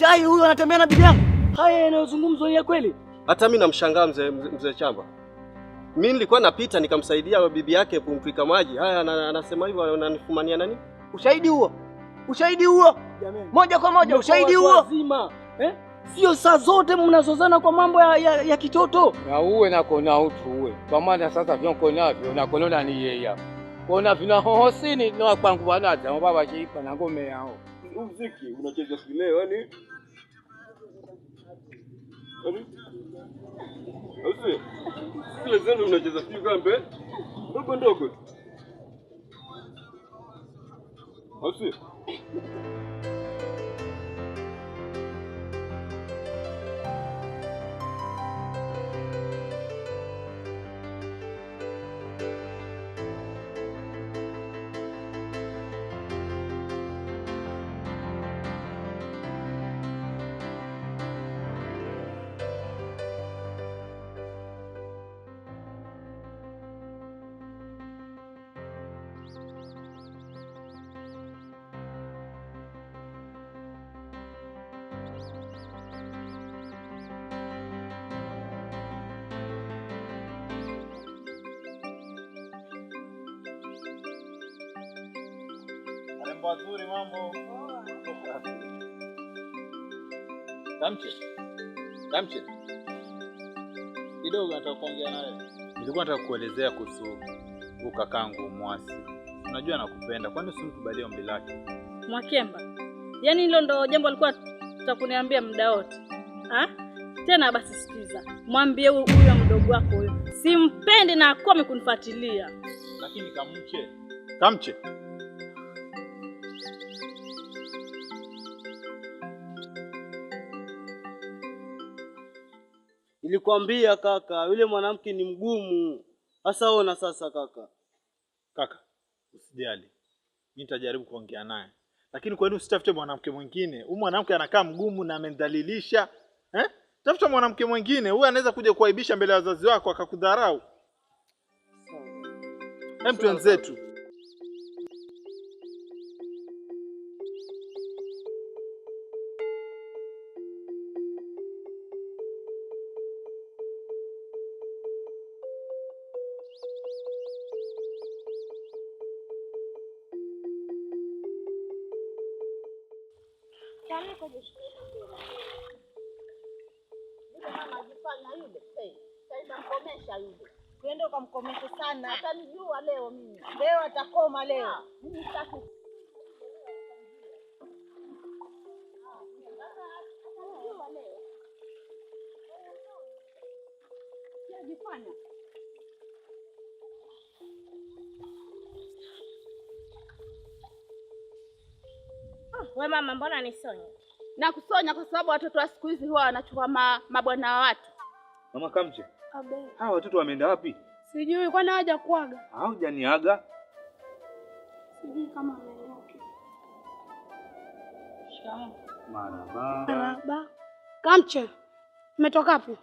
tai huyu anatembea na bibi yangu? Haya yanayozungumzwa ni ya kweli? Hata mimi namshangaa mzee mzee Chamba. Mimi nilikuwa napita nikamsaidia bibi yake kumtwika maji. Haya anasema hivyo, ananifumania nani? Ushahidi huo, ushahidi huo Jamani. moja kwa moja, ushahidi huo Lazima. eh? Sio saa zote mnazozana kwa mambo ya, ya, ya kitoto. Na uwe na kona utu uwe kwa maana sasa vyonko navyo kona ni yeye hapa kona vinahohosini niwakwangu wanaja baba shiipa na ngome yao. Muziki unachezwa kileo yani Usi. Kile zenu mnacheza sijui kambe. Ndogo ndogo. Usi. mambo mazuri, mambo Damche. Kidogo nataka kuongea naye. Nilikuwa nataka kuelezea kuhusu kakangu Mwasi. Unajua nakupenda, kwani usimkubalie ombi lake? Mwakemba, yaani hilo ndo jambo alikuwa takuniambia muda wote ha? Tena basi, sikiza, mwambie huyo mdogo wako huyo simpendi na akuwa amekunifuatilia. Lakini kamche, kamche Nilikwambia kaka, yule mwanamke ni mgumu. Sasa ona sasa kaka. Kaka, usijali. Mimi nitajaribu kuongea naye. Lakini kwa nini usitafute mwanamke mwingine? Huyu mwanamke anakaa mgumu na amedhalilisha Eh? Tafuta mwanamke mwingine, huyu anaweza kuja kuaibisha mbele ya wazazi wako akakudharau. Hem, twenzetu. Yaani kujishikilia tena. Yule mama ajifanya Twende ukamkomeshe sana. Atanijua leo mimi. Leo atakoma leo. Mimi sitaki. Atanijua leo. Sijifanya. We mama, mbona nisonya? Nakusonya kwa sababu watoto wa siku hizi huwa wanachukua ma, mabwana wa watu. Mama Kamche, hawa watoto wameenda wapi? Sijui, kwani hawaja kuaga? Hawajaniaga, sijui kama Maraba. Maraba. Kamche, umetoka wapi?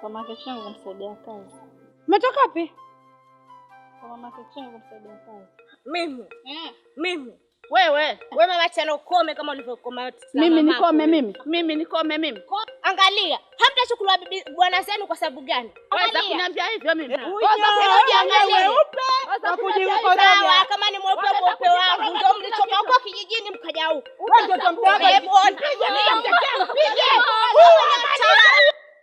Kwa mama Kachangu kumsaidia kazi. Umetoka wapi? Kwa mama Kachangu kumsaidia kazi. Mimi. Eh. Mimi. Wewe wewe, wachana ukome kama ulivyokoma. Mimi nikome? Mimi mimi nikome? Mimi angalia, hamtashukuru bibi bwana zenu kwa sababu gani? Waza kuniambia hivyo mimi? Eh, Waza Waza kuniambia Kama ni mweupe mweupe wangu ndio mlitoka huko kijijini mkaja huko.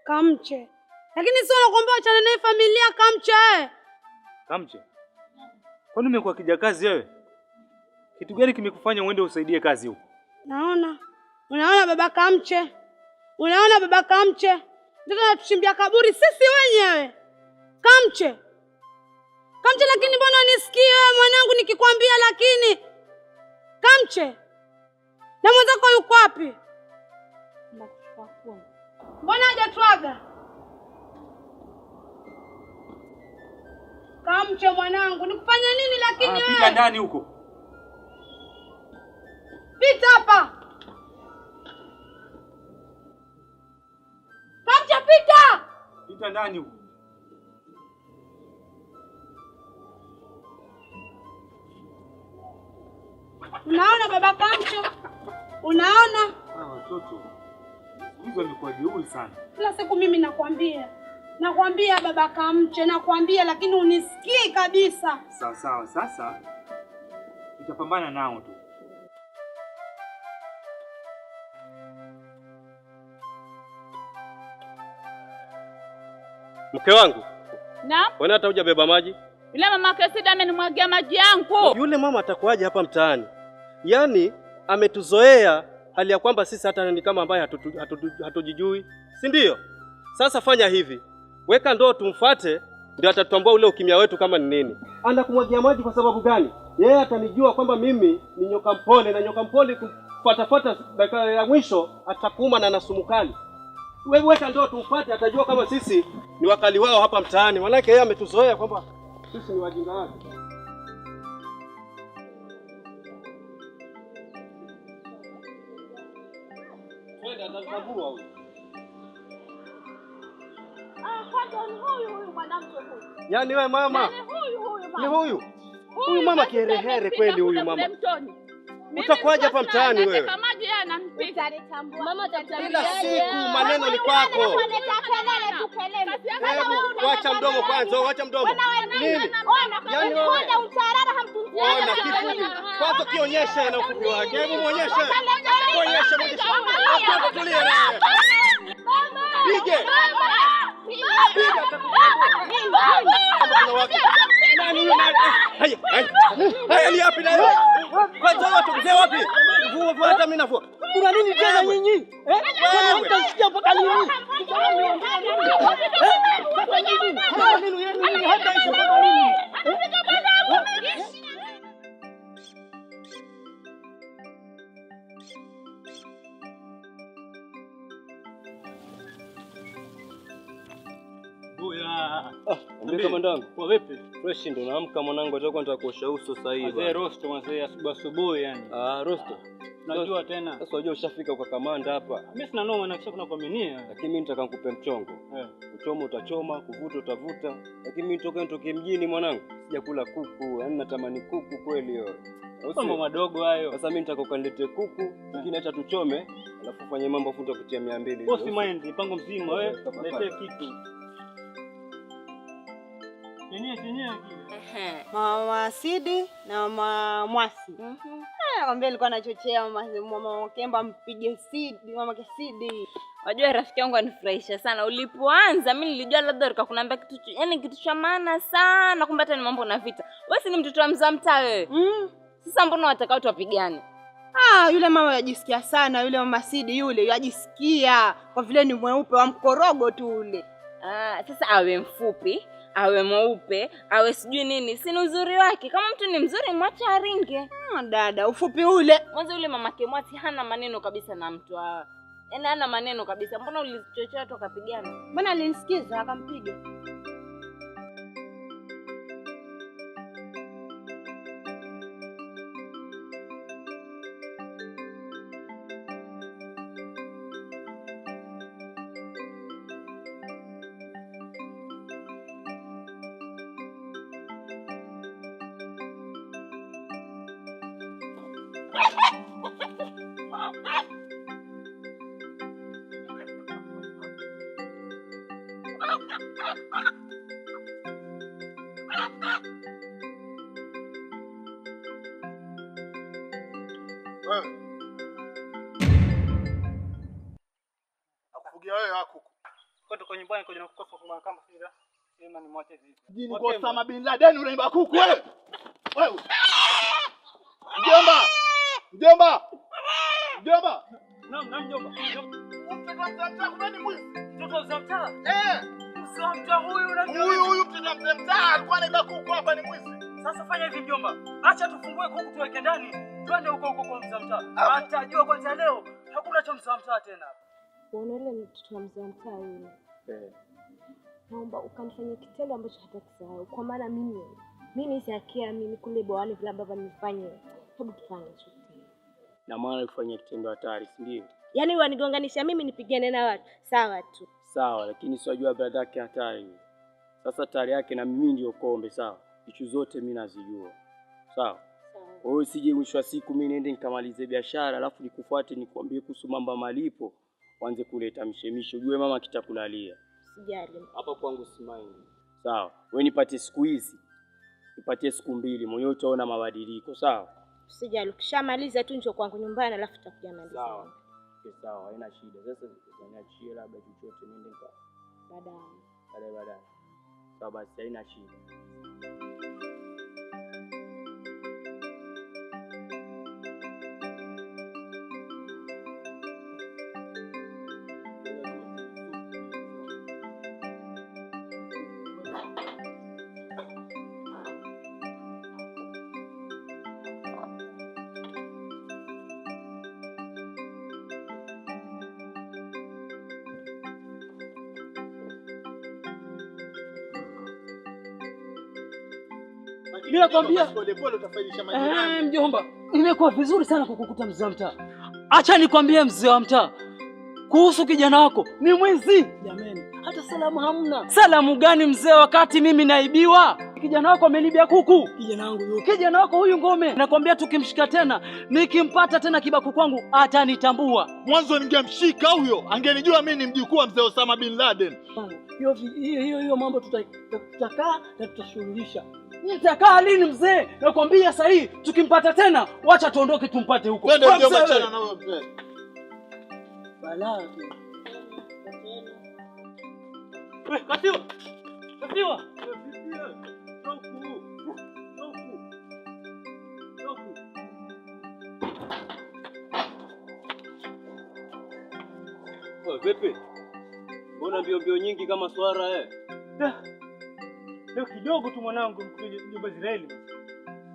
Kamche, lakini sio nakuomba wachana na familia. Kamche, kamche, kwani umekuwa kijakazi wewe? Kitu gani kimekufanya uende usaidie kazi huko? Naona unaona, baba kamche, unaona baba kamche ndio anatuchimbia kaburi sisi wenyewe. Kamche kamche, lakini mbona unisikii wewe mwanangu nikikwambia? Lakini kamche na mwenzako yuko wapi? Mbona hajatwaga? Kamche mwanangu, nikufanya nini? Lakini ah, wewe ndani huko Tafuta nani huyu? Unaona baba Pancho, Unaona? Ah, watoto. Hizo kwa jeuri sana. Kila siku mimi nakwambia. Nakwambia baba Kamche, nakwambia lakini unisikii kabisa. Sawa sawa, sasa nitapambana nao tu. Mke wangu? Naam. Wewe hata hujabeba maji? Yule mama Kesida amenimwagia maji yangu. Yule mama atakuwaje hapa mtaani? Yaani ametuzoea hali ya kwamba sisi hata ni kama ambaye hatujijui hatu, hatu, hatu, si ndio? Sasa fanya hivi, weka ndoo tumfuate, ndio atatambua ule ukimya wetu kama ni nini. Anakumwagia maji kwa sababu gani? Yeye atanijua kwamba mimi ni nyoka mpole, na nyoka mpole kufuatafuata dakika ya mwisho atakuuma na nasumukali wewe weka ndio tumpate, atajua kama sisi ni wakali wao hapa mtaani, manake yeye ametuzoea kwamba sisi ni wajinga wake. Kwenda atatagua ah, huyu. Yaani wewe mama, yaani ni huyu huyu mama, kiherehere kweli huyu mama. Utakuwaje hapa mtaani wewe? Kila siku maneno ni kwako. Wacha mdomo kwanza, wacha mdomo. Yaani kwanza ukionyeshe na ufupi wake. Hebu muonyeshe. Muonyeshe. Pige. Haya, haya. Haya ni yapi na yeye? Hata mimi nafua. Kuna nini tena nyinyi? Eh? Mtasikia mpaka lini? Boya. Kwa vipi? Fresh ndo naamka mwanangu, atakuwa nitakuosha uso sasa hivi. Mzee rosto mzee asubuhi asubuhi yani. Ah, rosto. Najua tena. Sasa unajua ushafika kwa kamanda hapa. Ah, mimi sina noma na kisha kuna kuaminia. Lakini mimi nitaka nikupe mchongo. Yeah. Kuchoma utachoma, kuvuta utavuta. Lakini mimi nitoke nitoke mjini mwanangu. Sijakula kuku, yaani natamani kuku kweli hiyo. Mambo madogo hayo. Sasa mimi nitaka ukaniletee kuku, eh. lakini acha tuchome, alafu fanye mambo futa kutia 200. Boss mind, mpango mzima eh, wewe, letee kitu. Mama Sidi na mama Mwasi. Mhm. mm -hmm. Nakwambia alikuwa anachochea mama mama Kemba mpige Sidi, mama Kesidi. Wajua rafiki yangu anifurahisha sana. Ulipoanza mimi nilijua labda ukakunaambia kitu, yaani kitu cha maana sana, kumbe hata ni mambo na vita. Wewe si ni mtoto wa mzaa mtaa wewe? Mhm. Sasa mbona watakao tuwapigane? Ah, yule mama yajisikia sana yule mama Sidi yule yajisikia kwa vile ni mweupe wa mkorogo tu ule. Ah, sasa awe mfupi awe mweupe awe sijui nini, si uzuri wake? Kama mtu ni mzuri mwache aringe. No, ah, dada, ufupi ule mwanzo ule mamake Mwati hana maneno kabisa na mtu hawa, yaani hana maneno kabisa. Mbona ulichochea watu akapigana Mbona alinisikiza akampiga? Jini kwa Osama bin Laden unaimba kuku wewe. Wewe. Mjomba. Mjomba. Mjomba. Naam, naam mjomba. Mtoto wa mtaa, mtoto wa mtaa. Eh. Sio mtu huyu Huyu huyu alikuwa anaiba kuku hapa ni mwizi. Sasa fanya hivi mjomba. Acha tufungue kuku tuweke ndani. Twende huko huko kwa mzee mtaa. Atajua kwanza leo hakuna cha mzee mtaa tena. Unaona ile mtoto wa mzee mtaa yule. Eh. Naomba ukanifanyia kitendo ambacho hatakisahau kwa maana mimi mimi siakia mimi kule bwawani vile ambavyo nimefanya. Hebu tufanye hicho Na maana kufanya kitendo hatari, si ndio? Yaani wanigonganisha mimi nipigane na watu. Sawa tu sawa, lakini siwajua brada yake hatari. Sasa tayari yake na mimi ndio kombe, sawa. Ishu zote mimi nazijua, sawa. hiyo sije mwisho wa siku mimi niende nikamalize biashara alafu nikufuate nikwambie kuhusu mambo malipo, uanze kuleta mshemisho, ujue mama kitakulalia. Sijali hapa kwangu, simaini. Sawa, wewe nipatie siku hizi, nipatie siku mbili, mwenyewe utaona mabadiliko, sawa. Sijali, ukishamaliza tu njoo kwangu nyumbani, alafu tutakuja Sawa. Ke sawa, haina shida. Sasa niachie labda chochote, nende baadaye baadaye baadaye. Sawa basi, haina shida. Ninakwambia mjomba, imekuwa vizuri sana kukukuta mzee wa mtaa. Acha nikwambie mzee wa mtaa kuhusu kijana wako, ni mwizi jamani, hata salamu hamna. Salamu gani mzee, wakati mimi naibiwa? Kijana wako amenibia kuku. Kijana wangu yuko, kijana wako huyu Ngome, nakwambia tukimshika tena, nikimpata tena kibaku kwangu atanitambua. Mwanzo ningemshika huyo, angenijua mimi ni mjukuu wa mzee Osama bin Laden. Hiyo hiyo hiyo mambo tutakaa na tutashughulisha Nitakaa lini mzee? Nakwambia sasa hii tukimpata tena, wacha tuondoke tumpate huko. Twende ndio machana na wewe mzee. Balaa. Wewe katiwa. Katiwa. Vipi? Mbona mbio mbio nyingi kama swara eh? Yeah. Leo kidogo tu mwanangu nyumba Israeli.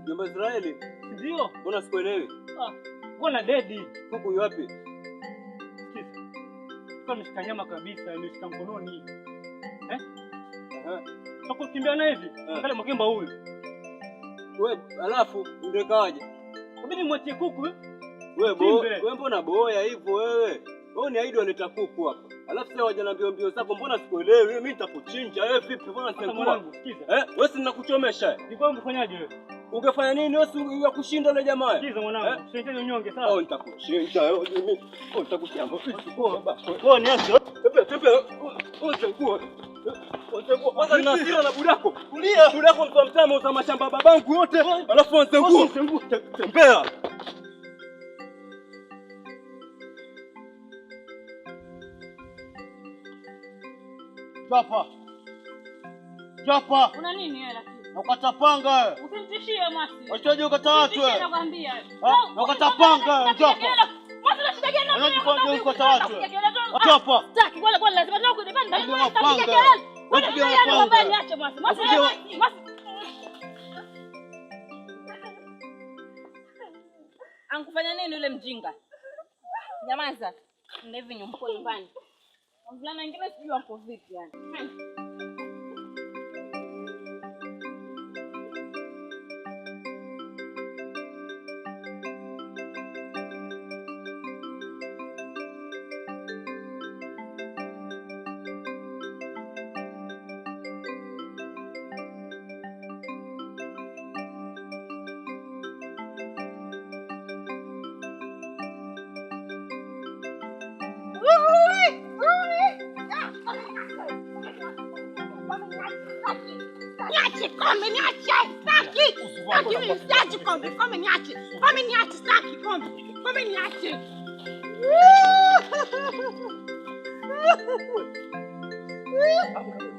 Nyumba Israeli? Ndio. Mbona sikuelewi? Ah, na dedi? Huko yapi? Sikiza. Kwa mshika nyama kabisa, nimeshika mkononi. Eh? Aha. Sako kimbia na hivi. Angalia ah. mkemba huyu. Wewe alafu ndio kawaje? Kabidi mwachie kuku eh? wewe. Wewe mbona boya hivyo wewe? Wewe ni aidi aleta kuku hapa. Alafu sasa na mbio mbio zako mbona sikuelewi? Mimi nitakuchinja wewe vipi? Mbona sikuelewi? Eh, wewe si ninakuchomesha. Ni kwa mfanyaje wewe? Ungefanya nini wewe ya kushinda na jamaa? Sikiza mwanangu, eh? usiende unyonge sawa? Oh, nitakuchinja wewe mimi. Oh, nitakuchinja. Poa baba. Poa ni acha. Tepe tepe. Oh, chakua. Kwanza nina hasira na budako. Kulia. Budako mtu mtamu za mashamba babangu yote. Alafu anzengua. Tembea. Chapa. Chapa. Una nini wewe lakini? Nakatapanga wewe. Usimtishie Masi. Wachaje ukatawatu wewe? Nakwambia wewe. Nakatapanga wewe. Chapa. Masi na shida gani na wewe? Chapa. Ah, kwa lazima ndio Masi. Masi. Masi. Ankufanya nini yule mjinga? Nyamaza. Ndevi nyumbani. Mvulana wengine sijui wako vipi yani. Snaki, come in here, Snaki. Snaki, you come, come in here, come in come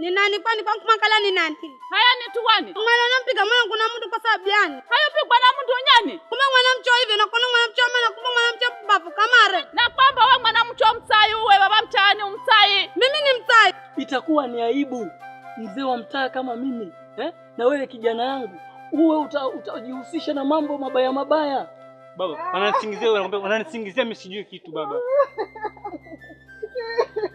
Ni nani kwani kwa kumakala ni nani? Haya ni tu wani. Mwana nampiga mwana kuna mtu kwa sababu yani. Haya pigwa na mtu nyani. Kuma mwana mcho hivi na kuna mwana mcho mwana kuma mwana mcho babu kamare. Na kwamba wewe mwana mcho msai uwe baba mtaani umsai. Mimi ni msai. Itakuwa ni aibu mzee wa mtaa kama mimi eh? Na wewe kijana yangu uwe utajihusisha uta, na mambo mabaya mabaya. Baba, wananisingizia wananisingizia mimi sijui kitu baba.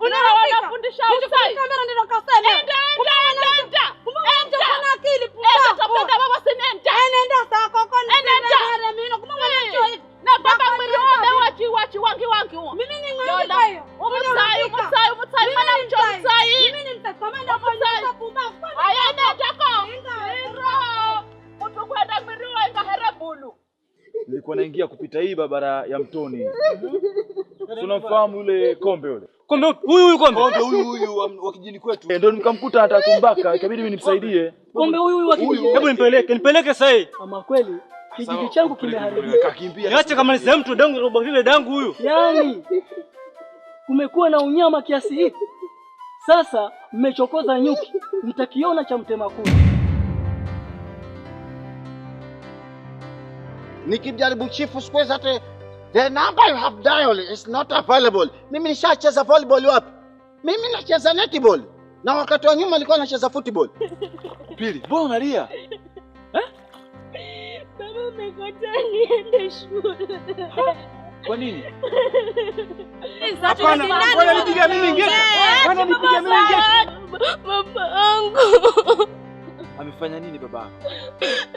unawafundisha usai. Kamera ndio kasema. Enda enda enda enda. Kumbe akili puta. Enda tapenda baba Enda koko ni enda. Mimi kumbe hivi. Na baba wachi wachi wangi wangi huo. Mimi ni ngani kwa hiyo? Umsai umsai umsai mana Mimi ni mtakamanda kwa pumba. kwa. mriwa bulu. Nilikuwa naingia kupita hii barabara ya Mtoni. Tunamfahamu yule kombe yule. Kombe huyu huyu kombe. Kombe huyu huyu wa kijini kwetu. Eh, ndio nikamkuta hata kumbaka, ikabidi mimi nimsaidie. Kombe huyu huyu wa kijini. Hebu nipeleke, nipeleke sasa hivi. Ama kweli kijiji changu kimeharibika kimeharibiwa. Niache kama ni sehemu tu dangu robo vile dangu huyu. Yaani kumekuwa na unyama kiasi hiki. Sasa mmechokoza nyuki, mtakiona cha mtema kuni. Nikimjaribu chifu sikuweza hata The number you have dialed is not available. Mimi nishacheza volleyball wapi? Mimi nacheza netball. Na wakati wa nyuma nilikuwa nacheza football. Pili, mbona unalia? Eh? Baba umekataa niende shule. Kwa nini? Hapana, wewe unipigia mimi eh, ngeta. Eh, wewe unipigia mimi ngeta. Baba angu. Amefanya nini baba?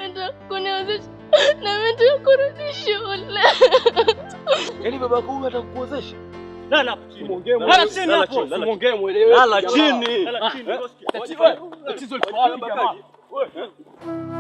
Ndio kuniozesha na mimi kurudi shule. Yaani baba yako atakuozesha. Lala chini. Lala chini hapo. Eh, Muongee muelewe. Lala chini. Tatizo liko wapi jamaa?